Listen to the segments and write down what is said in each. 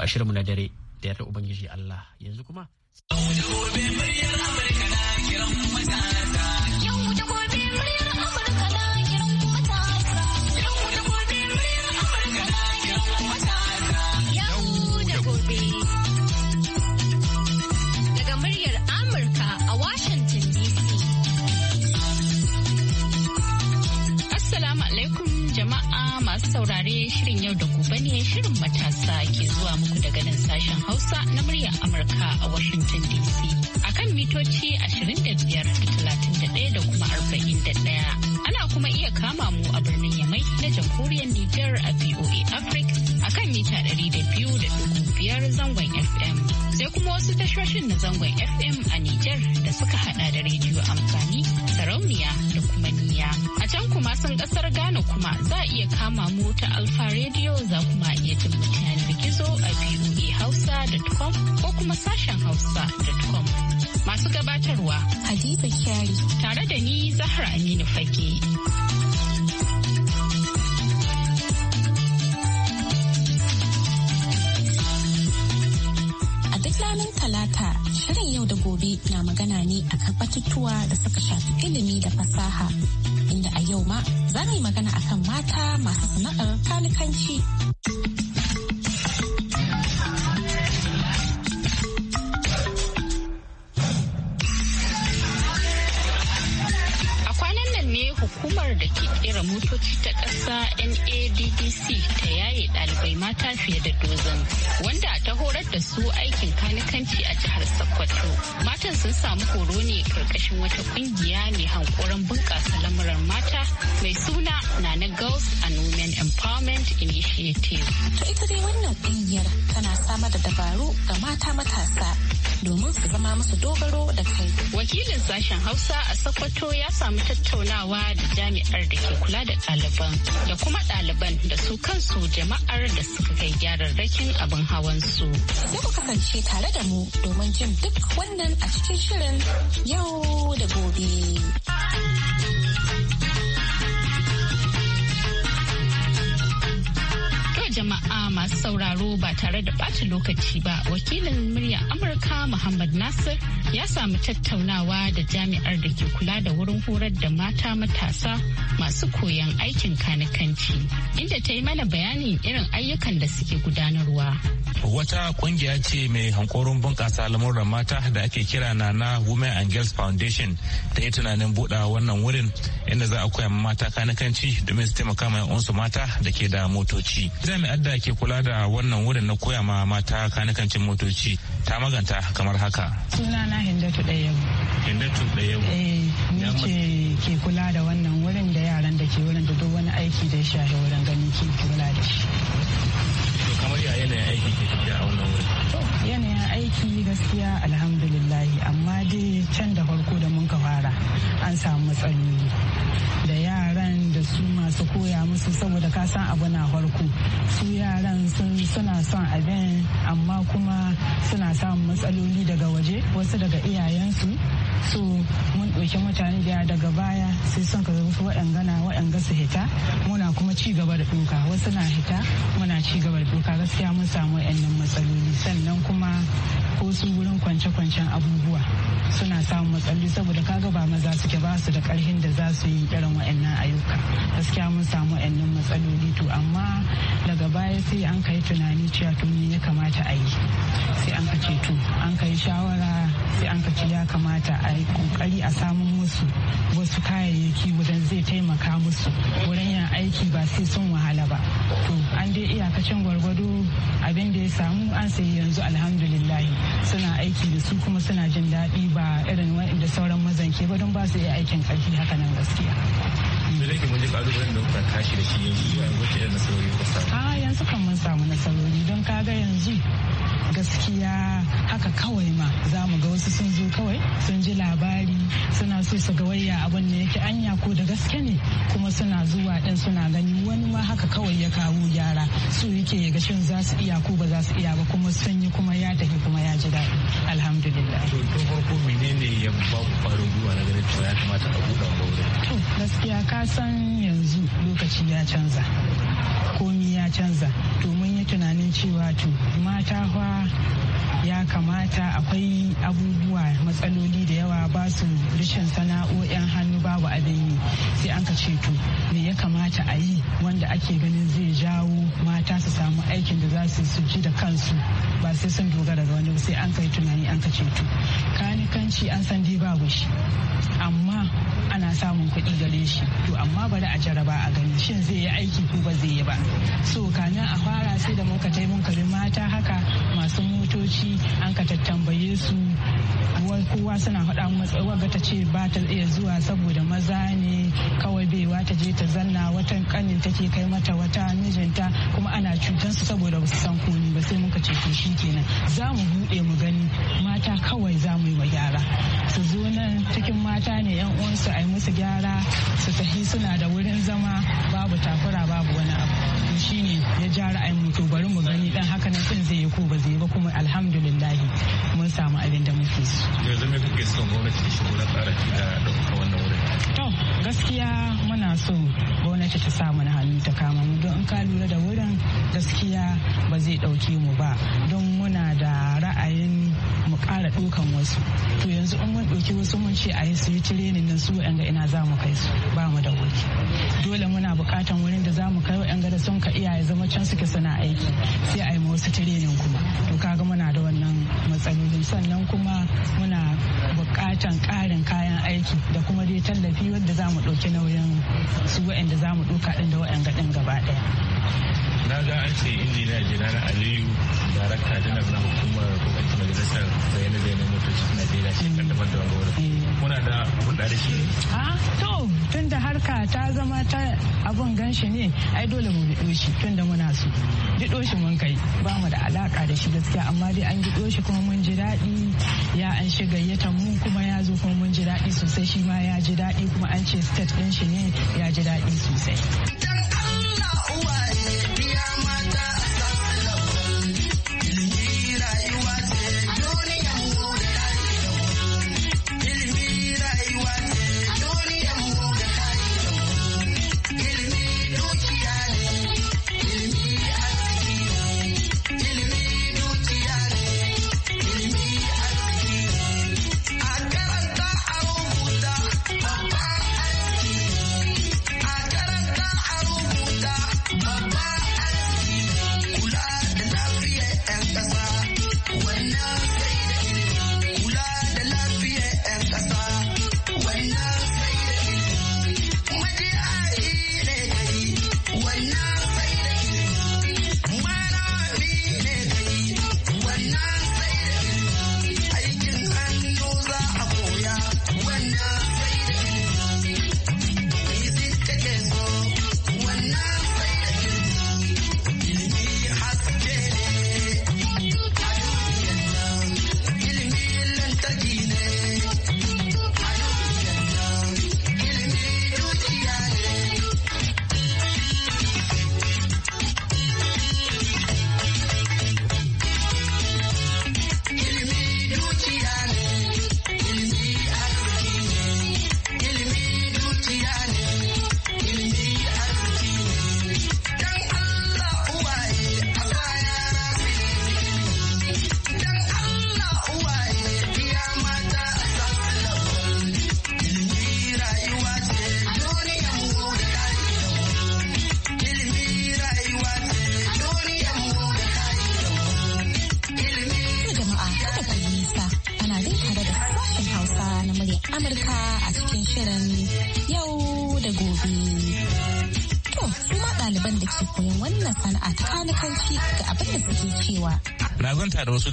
a shirinmu na dare da yardar ubangiji Allah yanzu kuma. Yau da gobe muryar Amurka na kiran matasa. Yau da gobe matasa ke zuwa muku daga nan sashen Hausa na muryar Amurka a Washington DC. A kan mitoci 25,31 da kuma 41. Ana kuma iya kama mu a birnin Yamai na jamhuriyar Nijar a VOA Africa. akan mita ɗari da da biyu biyar zangon FM. Sai kuma wasu tashoshin na zangon FM a Nijar da suka hada da rediyo amfani, sarauniya da kuma niya. A can kuma sun kasar Ghana kuma za a iya kama mu ta Alfa Radio za kuma iya jin mutane gizo a VOA Hausa.com ko kuma sashen hausa Hausa.com. Masu gabatarwa Hadiza Kyari tare da ni Zahra Aminu Fage. Gobe na magana ne akan batutuwa da suka shafi ilimi da fasaha. Inda a yau ma za mu yi magana akan mata masu sana'ar kanikanci. hukumar da ke kera motoci ta ƙasa NADDC ta yaye ɗalibai mata fiye da dozin wanda ta horar da su aikin kanikanci a jihar Sokoto. Matan sun samu horo ne karkashin wata ƙungiya mai hankoron bunƙasa lamuran mata mai suna Nana Girls and Women Empowerment Initiative. To ita dai wannan ƙungiyar tana samar da dabaru ga mata matasa domin su zama musu dogaro da kai. Wakilin sashen Hausa a Sokoto ya samu tattaunawa da jami'ar da ke kula da ɗaliban da kuma ɗaliban da su kansu jama'ar da suka kai gyararrakin abin hawan su. Sai ku kasance tare da mu domin jin duk wannan a cikin shirin yau da gobe. jama'a masu sauraro ba tare da ɓata lokaci ba wakilin murya amurka muhammad nasir ya samu tattaunawa da jami'ar da ke kula da wurin horar da mata matasa masu koyan aikin kanikanci inda ta yi mana bayanin irin ayyukan da suke gudanarwa wata kungiya ce mai hankorin bunƙasa lamuran mata da ake kira na na women and girls foundation da yi tunanin buɗa wannan wurin inda za a koya mata kanikanci domin su taimaka ma 'yan mata da ke da motoci jami'ar da ke kula da wannan wurin na koya ma mata kanikancin motoci ta maganta kamar haka. Sunana Hindatu Ɗayabu. Hindatu Ɗayabu. Eh, ni ce ke kula da wannan wurin da yaran da ke wurin da duk wani aiki da ya shafi wurin gani ke kula da shi. To kamar ya yanayin aiki ke tafiya a wannan wurin? Yanayin aiki gaskiya alhamdulillahi amma dai can da farko da mun ka fara an samu matsaloli da yara su masu koya musu saboda ka san abu na farko su yaran suna son abin amma kuma suna samun matsaloli daga waje wasu daga iyayensu so mun ɗauki mutane da daga baya sai son ka zama waɗanga na waɗanga su hita muna kuma ci gaba da ɗuka wasu na hita muna ci gaba da ɗuka gaskiya mun samu matsaloli sannan wasu wurin kwance-kwancen abubuwa suna samun matsaloli saboda kaga ba maza suke ba su da karhin da za su yi irin wa'annan ayyuka gaskiya mun samu wa'annan matsaloli to amma daga baya sai an kai tunani cewa to me ya kamata a yi sai an ka ce to an kai shawara sai an ka ya kamata a yi kokari a samun musu wasu kayayyaki wajen zai taimaka musu wurin yin aiki ba sai sun wahala ba to an dai iyakacin gwargwado abin da ya samu an sayi yanzu alhamdulillah suna aiki da su kuma suna jin daɗi ba irin da sauran mazan ke ba don ba su iya aikin ƙarfi haka nan gaskiya me mun samu ah, yanzu kan mun samu nasarori don kaga yanzu gaskiya haka kawai ma za mu ga wasu sun zo kawai sun ji labari suna so su ga wayya abin ne yake anya ko da gaske ne kuma suna zuwa ɗin suna gani wani ma haka kawai ya kawo gyara su yake ga shin za su iya ko ba za su iya ba kuma sun yi kuma ya tafi kuma ya ji daɗi alhamdulillah. to tun farko menene ya ba ku fara gwiwa na ganin cewa ya kamata a buɗe wa to gaskiya ka san yanzu lokaci ya canza komi ya canza domin yi tunanin cewa to mata fa ya kamata akwai abubuwa matsaloli da yawa ba su rashin sana'o'in hannu babu abin yi sai an ka ce to me ya kamata a yi wanda ake ganin zai jawo mata su samu aikin da za su su ji da kansu ba sai sun dogara ga wani sai an kai tunani an ka ce to kanikanci an san dai babu shi amma ana samun kuɗi gare shi to amma bari a jaraba a gani shin zai yi aiki ko ba zai yi ba so kana a fara sai da muka tai mun mata haka masu motoci an ka tattambaye su kowa suna faɗa matsawa ga ta ce ba ta iya zuwa saboda maza ne kawai baiwa ta je ta zanna watan kanin take kai mata wata mijinta kuma ana cutar su saboda su san komi ba sai muka ce to shi kenan za mu bude mu gani mata kawai za mu yi wa gyara su zo nan cikin mata ne yan uwansu a yi musu gyara su tafi suna da wurin zama babu takura babu wani abu to shine ya ja ra'ayin mu to bari mu gani dan haka nan din zai yi ko ba zai ba kuma alhamdulillah mun samu abin da muke so yanzu me kuke son gwamnati ta shigo na tsara da wannan To gaskiya muna so gwamnati ta sa mana hannu ta kama mu don ka lura da wurin gaskiya ba zai ɗauke mu ba don muna da ra'ayin mu ƙara ɗaukan wasu. To yanzu in mun ɗauki wasu mun ce a yi su yi tirenin nan su ga ina za mu kai su ba mu da wuri. Dole muna buƙatan wurin da za mu kai wa'yan da sun ka iyaye zama can suke suna aiki sai a yi wasu tirenin kuma. To kaga muna da wannan matsalolin sannan kuma muna buƙatan ƙarin kayan aiki da kuma dai tallafi wanda za mu ɗauki nauyin su wa'anda za mu ɗauka ɗin da wa'anga ɗin gaba ɗaya. na ga an ce jira na aliyu darakta janar na hukumar kokaci majalisar bayyana yanayin motoci na najeriya shi kaddamar da wani muna da hulɗa da shi ah, to tun da harka ta zama ta abun ganshi ne ai dole mu biɗo shi tun da muna so biɗo shi mun kai ba mu da alaka da shi gaskiya amma dai an biɗo shi kuma mun ji daɗi ya an shi gayyatar mu kuma ya zo kuma mun ji daɗi sosai shi ma ya ji daɗi kuma an ce state ɗin shi ne ya ji daɗi sosai.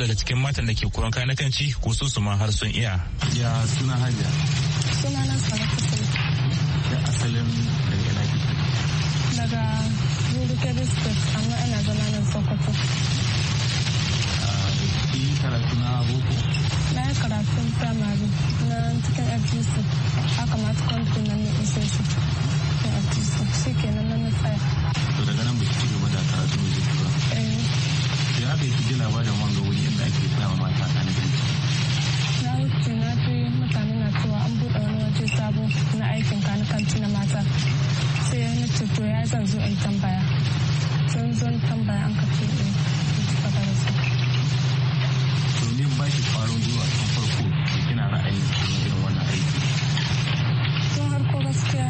daga cikin matan da ke kuran kayan kanci ko su su ma har sun iya. Ya suna hajiya. Suna nan sarrafa Da asalin daga ina kike. Daga Zurikari State amma ina zama nan Sokoto. Ah, ki karatu na boko? Na yi karatu primary na cikin FGC. Haka ma tukwantu na ne isoshi. Na FGC shi kenan na tsaya. To daga nan ba ki ci gaba da karatu mai zurfi ba. Eh. Ya bai ki ji labarin wanga wuri ake koya mata a Najeriya. Na wuce na ji mutane na cewa an buɗe wani waje sabo na aikin kanikanci na mata. Sai ya nace to ya zan zo in tambaya. Zan zo tambaya an kace eh, in cika da su. To ne ba shi ƙwarin gwiwa tun farko da kina ra'ayin irin wannan aiki. Tun harko gaskiya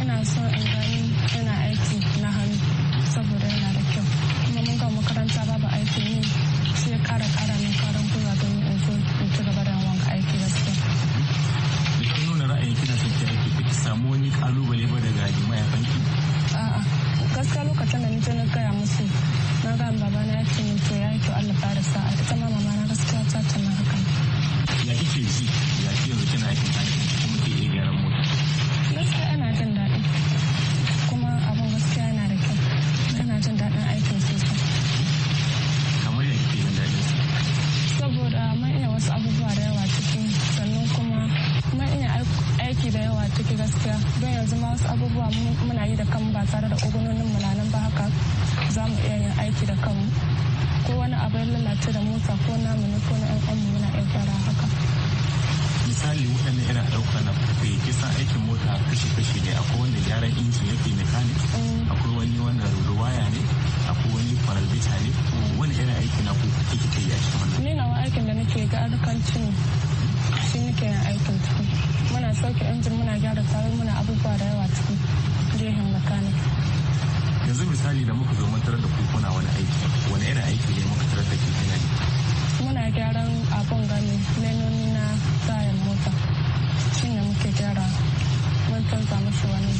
ina so in ga sannan na na gaya musu na ga baba na ya ce to ya yi to Allah ƙara sa'a ita ma da mota ko namu ne ko na ɗan ɗan muna ɗan fara haka misali waɗanda yana ɗauka na kuɗi kisa aikin mota kashi-kashi ne akwai wanda gyaran injin yake mekanik mm. akwai wani wanda ruwaya ne akwai wani fararbita ne mm. wani yana aiki na kuka kike kai ya shi cikin wannan ni nawa aikin da nake ga arkancin shi nake yin aikin tukun muna sauke injin muna gyara tayoyi muna abubuwa da yawa cikin jihin mekanik yanzu misali da muka zo mun da ku kuna wani aiki wani irin aiki ne muka tarar da ke kuna muna gyaran abun gani lenoni na tsarin mota shi ne muke gyara mun canza musu wani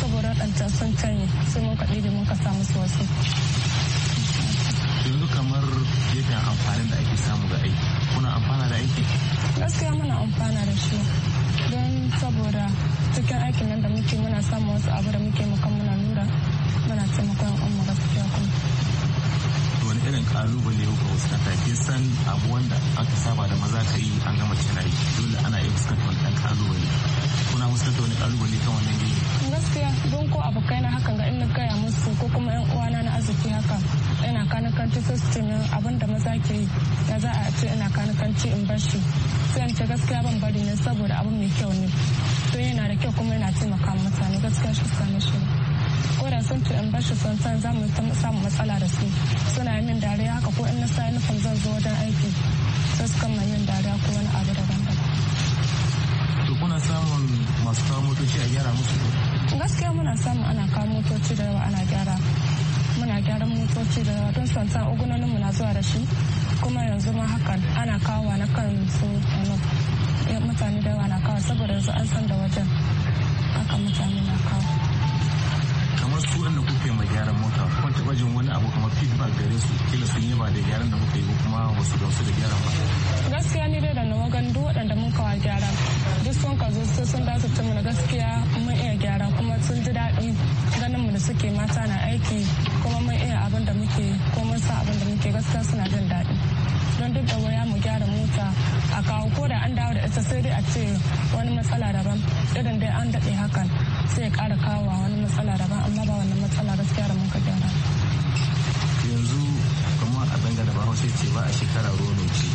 saboda ɗanta sun canye sai mun kaɗi da mun ka sa musu wasu yanzu kamar gefen amfanin da ake samu ga aiki kuna amfana da aiki gaskiya muna amfana da shi don saboda cikin aikin nan da muke muna samun wasu abu da muke muka muna nura muna taimakon umma gaskiya kuma wani irin kalubale ko fuskanta kin san abu wanda aka saba da maza ka yi an gama kina yi dole ana iya fuskantar wani dan kalubale kuna fuskantar wani kalubale kan wannan gini gaskiya don ko abokai na hakan ga ina gaya musu ko kuma yan uwana na arziki haka ina kanakanci su su abin da maza ke yi ya za a ce ina kanakanci in bar shi sai in ce gaskiya ban bari ne saboda abin mai kyau ne don yana da kyau kuma yana taimaka mutane gaskiya shi same shi ko da sun ci in bar shi sansan za mu samu matsala da su suna min dariya haka ko in na sa nufin zan zo wajen aiki sai su kama min dariya ko wani abu daban daban. to kuna samun masu kawo motoci a gyara musu gaskiya muna samun ana kawo motoci da yawa ana gyara muna gyara motoci da yawa don sansan mu na zuwa da shi kuma yanzu ma hakan ana kawo wa na kan su eh, mutane da yawa na kawo saboda yanzu an san da wajen haka mutane na kawo kamar su kuka kuke mai gyaran mota kun taɓa jin wani abu kamar feedback gare su kila sun ba da gyaran da kuka yi ko kuma wasu da wasu da gyaran ba. gaskiya ni dai da nawa wagan duk waɗanda mun kawo gyara duk sun ka zo sai sun dace ta mana gaskiya mun iya gyara kuma sun ji daɗi ganin mu da suke mata na aiki kuma mun iya abin da muke ko mun sa abin da muke gaskiya suna jin daɗi. don duk da waya mu gyara mota a kawo ko da an dawo da ita sai dai a ce wani matsala daban irin dai an daɗe hakan sai ya ƙara kawo wani matsala da ba amma ba wannan matsala gaskiya da mun ka gyara yanzu kamar a bangaren da bahaushe ce ba a shekara ruwa ce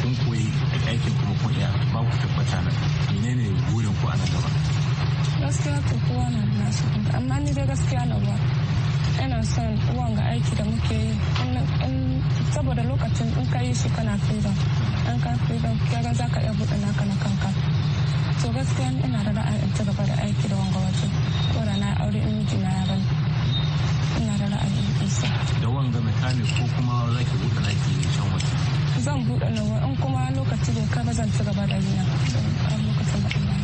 kun koyi aikin kuma kun iya ba ku tabbata nan menene burin ku a nan gaba gaskiya to kowa na da nasu amma ni dai gaskiya na ba ina son ga aiki da muke yi saboda lokacin in ka yi shi kana freedom an ka freedom kaga za ka iya buɗe naka na kanka to gaskiya ina da in ci gaba da aiki da wanga waje ko da na aure in miji na ya bani ina da yi isa da wanga mechanic ko kuma zaki buɗe naki can waje zan buɗe wa in kuma lokaci bai kaba zan ci gaba da yi na lokacin da Allah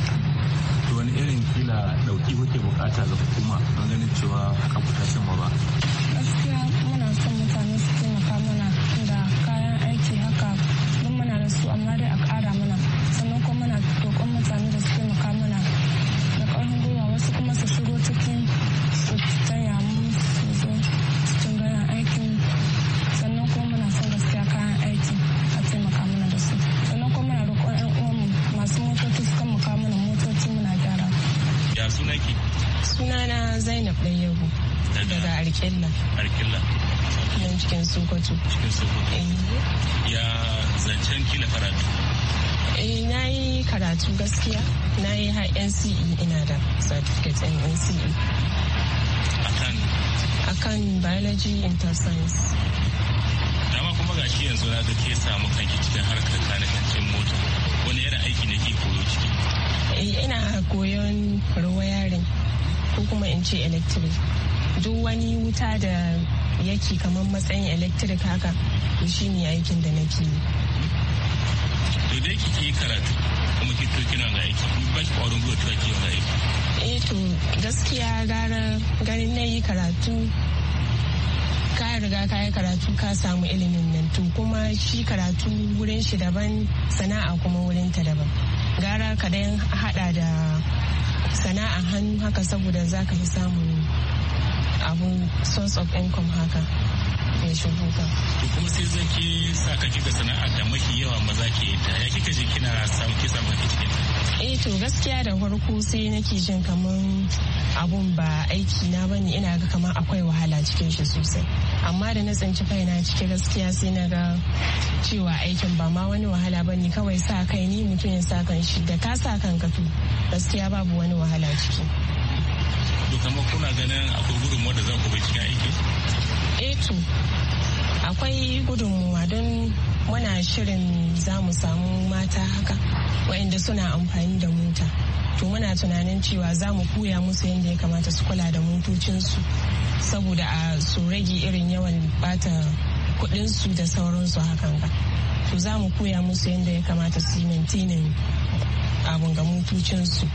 to wani irin kila dauki kuke bukata ga hukuma don ganin cewa kan fitashin ba arkilla arkilla nan cikin sokoto cikin sokoto eh. ya zancen kila karatu eh na yi karatu gaskiya na yi har nce ina da certificate in nce akan akan biology science. dama kuma gashi yanzu na ga ke samu kanki cikin harkar kanikancin mota wani yana aiki ne ke koyo ciki eh, ina koyon ruwa yarin ko kuma in ce electric duk wani wuta da yake kamar matsayin electric haka to shi ne aikin da nake yi. To dai kike karatu kuma ki to kina ga aiki kuma ba shi kwarin gwiwa to ki wani aiki. Eh to gaskiya gara garin na yi karatu ka riga ka yi karatu ka samu ilimin nan to kuma shi karatu wurin shi daban sana'a kuma wurin ta daban gara ka dan hada da sana'a hannu haka saboda za ka yi samun abun source of income haka ya shigo ka. To kuma sai zai ke sa ka kika sana'a da mafi yawa maza ke ta ya kika ji kina samu ki samu kake cikin Eh to gaskiya da farko sai nake jin kaman abun ba aiki na bane ina ga kaman akwai wahala cikin shi sosai. Amma da na tsinci kaina ciki gaskiya sai na ga cewa aikin ba ma wani wahala bane kawai sa kai ni mutum ya sa kan shi da ka sa kanka to gaskiya babu wani wahala ciki. to kamar kuna ganin akwai gudunmuwa da za ku bai cikin aiki eh to akwai gudunmuwa don muna shirin za mu samu mata haka waɗanda suna amfani da mota to muna tunanin cewa za mu koya musu yadda ya kamata su kula da motocinsu saboda a su rage irin yawan bata kudinsu da sauransu hakan ba to za mu koya musu yadda ya kamata su yi abun ga motocinsu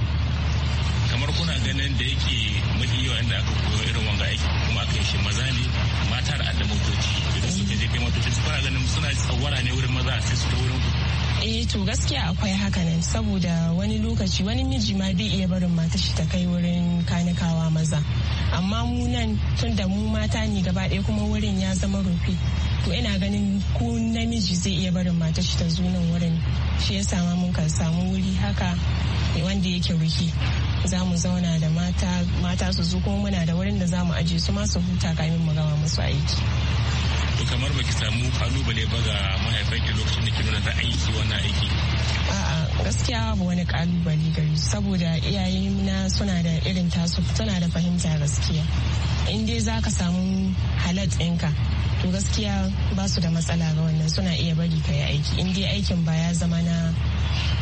kamar kuna ganin da yake mafi yawa inda aka koyo irin wanga aiki kuma aka yi shi maza ne mata da adda motoci idan suka je kai motoci su fara ganin suna tsawara ne wurin maza sai su ta wurin ku eh to gaskiya akwai haka nan saboda wani lokaci wani miji ma bai iya barin mata shi ta kai wurin kanikawa maza amma mu nan tun da mu mata ne gaba ɗaya kuma wurin ya zama rufe to ina ganin ko namiji zai iya barin mata shi ta zo nan wurin shi ya sama mun kan samu wuri haka wanda yake rufe za mu zauna da mata mata su zo kuma muna da wurin da za mu aje su ma su huta kamin mu gama musu aiki to kamar baki samu kalubale ba ga ki lokacin da ke nuna ta aiki wannan aiki a'a gaskiya ba wani kalubale gari saboda iyayena suna da irin tasu suna da fahimta gaskiya in dai za ka samu halat ɗinka to gaskiya ba su da matsala ga wannan suna iya bari ka yi aiki in dai aikin ba ya zama na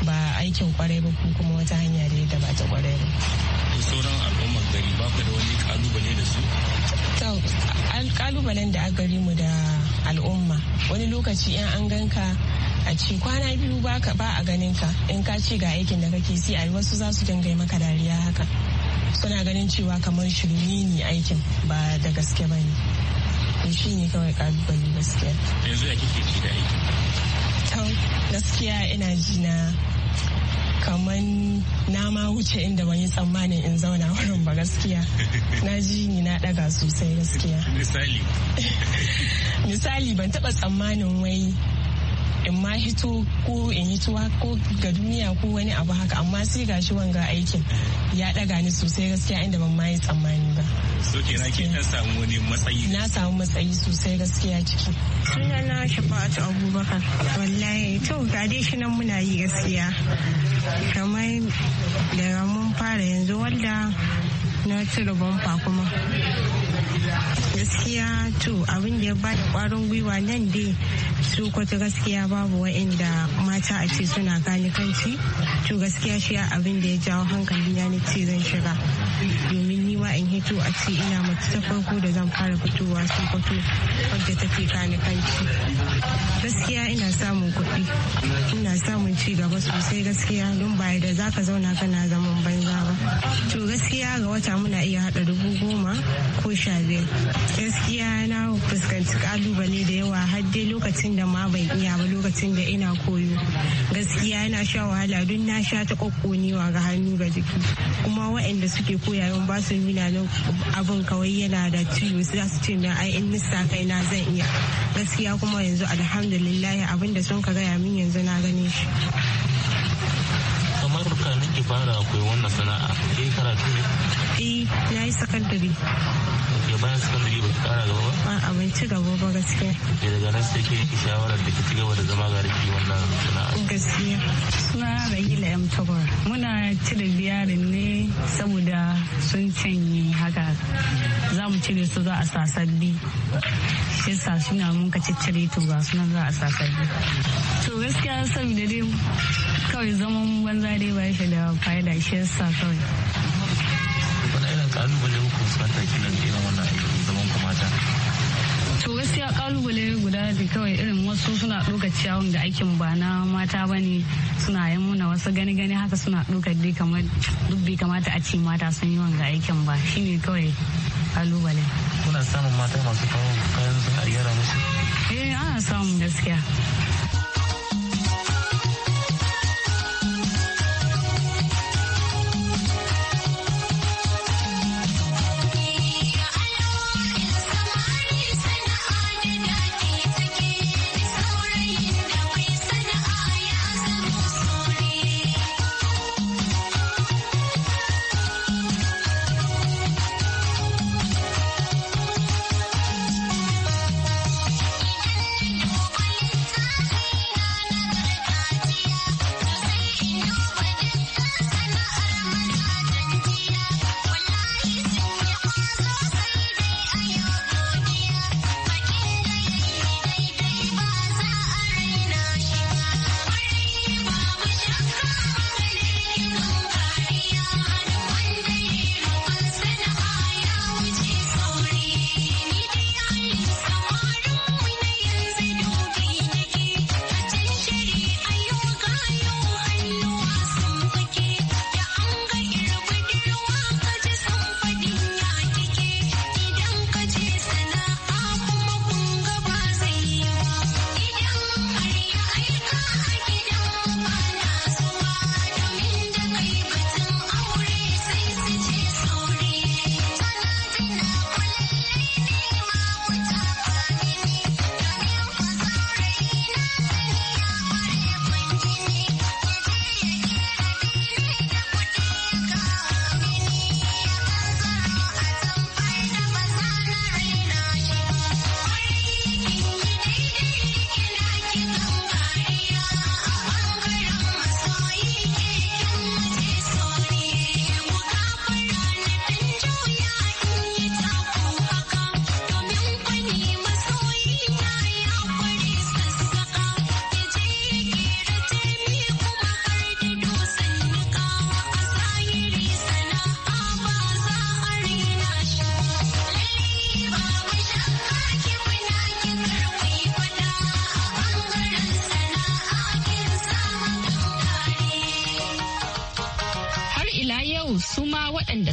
ba aikin kwarai ba ko kuma wata hanya da yadda ba ta kwarai ba. sauran al'ummar gari ba ku da wani kalubale da su? kalubalen da a gari mu da al'umma wani lokaci in an ganka a ce kwana biyu ba a ganin ka in ka ce ga aikin da kake si a wasu za su dinga maka dariya haka suna ganin cewa kamar shirme ne aikin ba da gaske ba ne shi ne kawai kalubale gaskiya yanzu ya kike ci da aikin gaskiya ina jina na kaman na ma wuce inda ban yi tsammanin in zauna wurin ba gaskiya na ji ni na daga sosai gaskiya misali misali ban taba tsammanin wai in ma hito ko in yi tuwa ko ga duniya ko wani abu haka amma sai gashi wanga aikin ya daga ni sosai gaskiya inda ban ma yi tsammani ba. So ke na samu wani matsayi? Na samu matsayi sosai gaskiya ciki. Suna na Shafa'atu Abubakar. Wallahi to ga dai shi nan muna yi gaskiya. Kamar daga mun fara yanzu wanda na cire bamfa kuma. gaskiya to abin da ya bada kwarin gwiwa nan dai su kwata gaskiya babu wa'inda mata a ce suna kanikanci to gaskiya shi abin da ya jawo hankali ya ce zan shiga domin ni ma in hito a ce ina mace ta farko da zan fara fitowa su kwato wadda ta gani kanikanci gaskiya ina samun kuɗi ina samun ci gaba sosai gaskiya don ba da ka zauna kana zaman banza ba to gaskiya ga wata muna iya haɗa dubu goma ko sha gaskiya na fuskanci kalubale da yawa har dai lokacin da ma ban iya ba lokacin da ina koyo gaskiya yana sha wahala don na sha ta kokkonewa ga hannu ga jiki kuma waɗanda suke koyawan ba su nuna na abin kawai yana da ciwo za su ce na ai in nista kai na zan iya gaskiya kuma yanzu alhamdulillah abin da sun ka gaya min yanzu na gane shi kamar mutanen nake fara akwai wannan sana'a ke karatu ne eh na yi sakandare ya bayan sakandare ba kara gaba ba a abinci gaba ba gaskiya ya daga nan sai ke yi shawarar da ki ci gaba da zama ga riki wannan sana'a gaskiya suna rahila yam tabar muna cire biyarin ne saboda sun canye haka za mu cire su za a sa sabbi shi sa suna mun ka ciccire to ga sunan za a sa sabbi to gaskiya saboda dai kawai zaman banza dai ba shi da fa'ida shi yasa kawai kalubale ku fuskanta kilan irin wannan aikin zaman ku mata to gaskiya kalubale guda da kawai irin wasu suna ɗaukar ciyawun da aikin ba na mata ba ne suna yi muna wasu gani gani haka suna ɗaukar dai kamar duk bai kamata a ce mata sun yi wanga aikin ba shine kawai kalubale kuna samun mata masu kawo kayan su a gyara musu eh ana samun gaskiya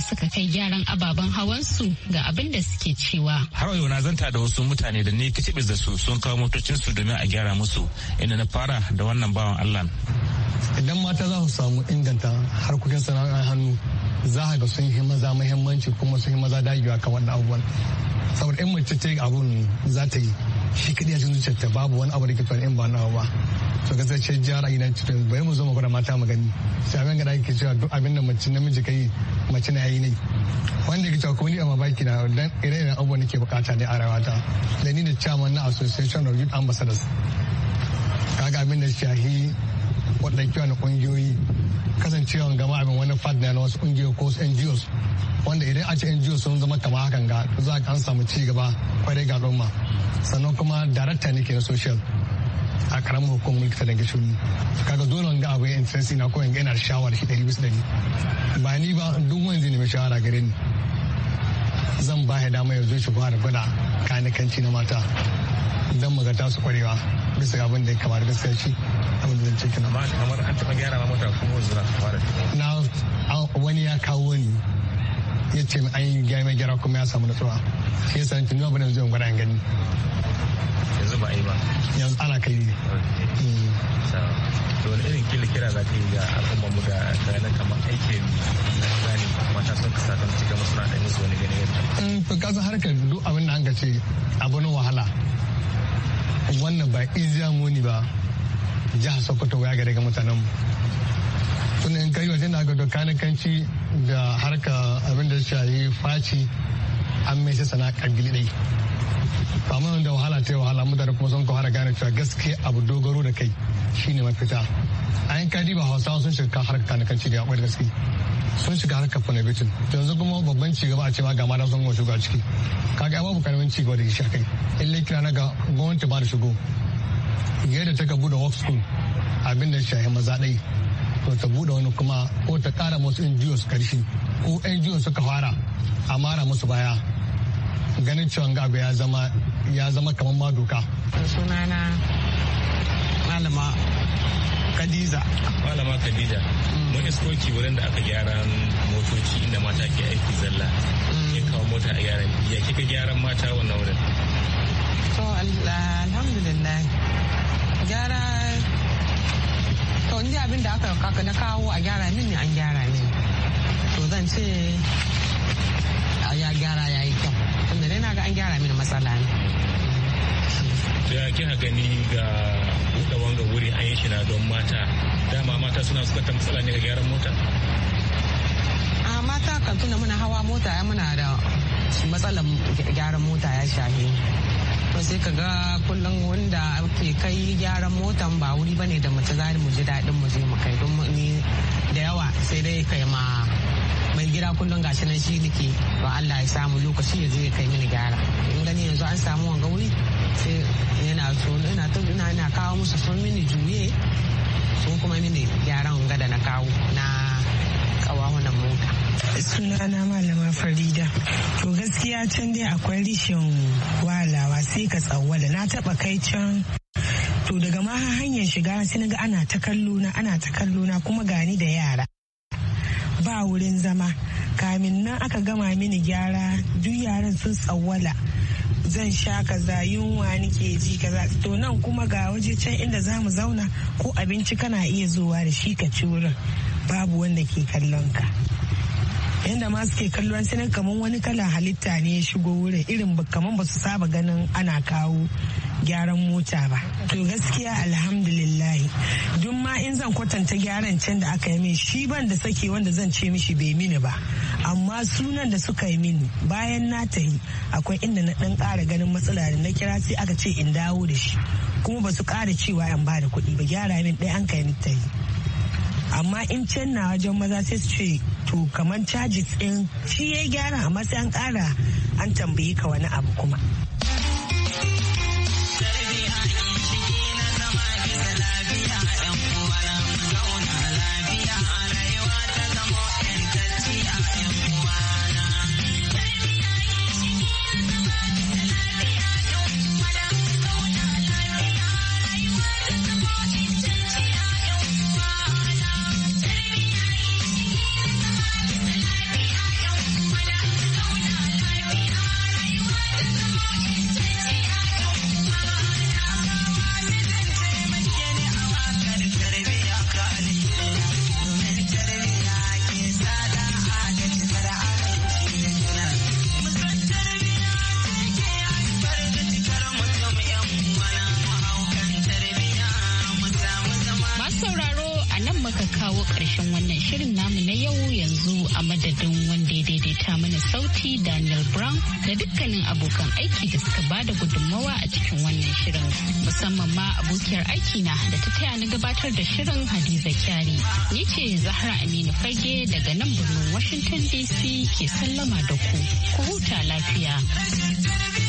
suka kai gyaran ababen hawansu ga abin da suke cewa. Har yau na zanta da wasu mutane da ni kicibis da su sun kawo motocinsu domin a gyara musu inda na fara da wannan bawan Allah. Idan mata za su samu inganta harkokin sana'ar hannu za ga sun yi maza muhimmanci kuma sun yi maza dagewa kan wannan abubuwan. Saboda in mace ta yi abun za ta yi shi kadai a cikin ta babu wani abu da ke faru in ba na ba. to sai jihar a gidan cikin bai mu zo mu gwada mata mu gani sai abin da ake cewa duk abin da mace namiji ka yi mace na yi ne wanda ke cewa ni a mabaki na dan ire ire abubuwan ke bukata ne a rawata da ni da chairman na association of youth ambassadors kaga abin da shahi waɗankewa na ƙungiyoyi kasancewa gama abin wani fad na wasu ƙungiyoyi ko wasu ngos wanda idan a ce ngos sun zama kama hakan ga za ka an samu ci gaba kwarai ga al'umma sannan kuma darakta ne ke na social a karamin hukumar mulki ta dange shuni kaga dole wanda abu ya interest na ko yana da shawar shi ɗari bisa ɗari ba ni ba duk wani zai nemi shawara gare ni zan ba ya dama yanzu zo shi fara gwada kanikanci na mata don magata su kwarewa bisa abin da ya kamar gaskiya shi abin da zan ce kina. kamar an taɓa gyara ma mata kuma wanzu na fara. na wani ya kawo ni ya ce an yi gami gyara kuma ya samu nutsuwa shi yasa nake nuna bane zuwa gwada gani yanzu ba yi ba yanzu ana kai ne mm. to wani irin kila kira za ka yi ga al'umma mu da kayan kamar aikin na gane mata sun ka kan cika masu na ɗaya musu wani gani yadda. Mm, to kasan harkar duk abin da an ka ce na wahala wannan ba iziya muni ba jihar sokoto ya ga daga mutanen mu. tunan in kai wajen da aka doka na kanci da harka abin da yi faci an mai sai sana kangili dai kamar da wahala ta wahala mutane kuma sun kawara gane cewa gaske abu dogaro da kai shine mafita an ka diba hausa sun shiga harka kanakanci da yakwai gaske sun shiga harka bitin bitin yanzu kuma babban cigaba a cewa ga mata sun goma shigo a ciki kaga babu karamin cigaba da shi a kai illa kira na ga gwamnati ba da shigo yadda ta ka bude work school abin da shahi maza dai to ta bude wani kuma ko ta kara musu NGOs karshe ko NGOs suka fara a mara musu baya ganin cewa ga ya zama ya zama kamar ma doka sunana malama kadiza. Malama kadiza mm. Mun iskoki wurin da aka gyara motoci inda mata ke aiki zalla. Ya mm. kawo mota a gyaran. Ya kika gyaran mata wannan wurin? To alhamdulillah. Gyara to ni abin da aka na kawo a gyara min ne an gyara min to zan ce ya gyara ya yi kyau tunda dai na ga an gyara min matsala ne da kina gani ga buɗe wanga wuri an yi shi na don mata dama mata suna suka matsala ne ga gyaran mota a mata kan tuna muna hawa mota ya muna da matsalar gyaran mota ya shafi to sai ka ga kullum wanda ke kai gyaran motan ba wuri ba ne da mace za mu ji daɗin mu je mu kai don ni da yawa sai dai kai ma mai gida kullum gashi nan shi nake to Allah ya samu lokaci ya zo ya kai mini gyara in gani yanzu an samu wanga wuri sai yana so ina ina kawo musu sun mini juye sun kuma mini gyaran wanga da na kawo sunana malama farida to gaskiya can dai akwai rishin walawa sai ka tsawwala na taba kai can to daga ma hanyar shiga sai na ga ana ta kallo ana ta kallo na kuma gani da yara ba wurin zama kamin nan aka gama mini gyara duk yaran sun tsawwala zan sha kaza yunwa nike ji kaza to nan kuma ga waje can inda za mu zauna ko abinci kana iya zuwa da shi ka ci wurin babu wanda ke kallon ka yanda ma suke kallon sai kaman wani kalan halitta ne ya shigo wurin irin kaman ba su saba ganin ana kawo gyaran mota ba to gaskiya alhamdulillah duk ma in zan kwatanta gyaran can da aka yi min shi ban da sake wanda zan ce mishi bai mini ba amma sunan da suka yi mini bayan na tahi akwai inda na dan kara ganin matsala da na kira sai aka ce in dawo da shi kuma ba su kara cewa an ba da kuɗi ba gyara min ɗaya an kai ni tahi amma in can na wajen maza sai su ce to kamar cajis din shi ya gyara amma sai an kara an tambayi ka wani abu kuma ƙarshen wannan shirin namu na yau yanzu a madadin wanda ya daidaita mana sauti Daniel Brown da dukkanin abokan aiki da suka ba da gudunmawa a cikin wannan shirin. Musamman ma abokiyar aiki na da ta taya ni gabatar da shirin Hadiza Kyari. Ni ce Zahra Aminu Fage daga nan birnin Washington DC ke sallama da ku. Ku huta lafiya.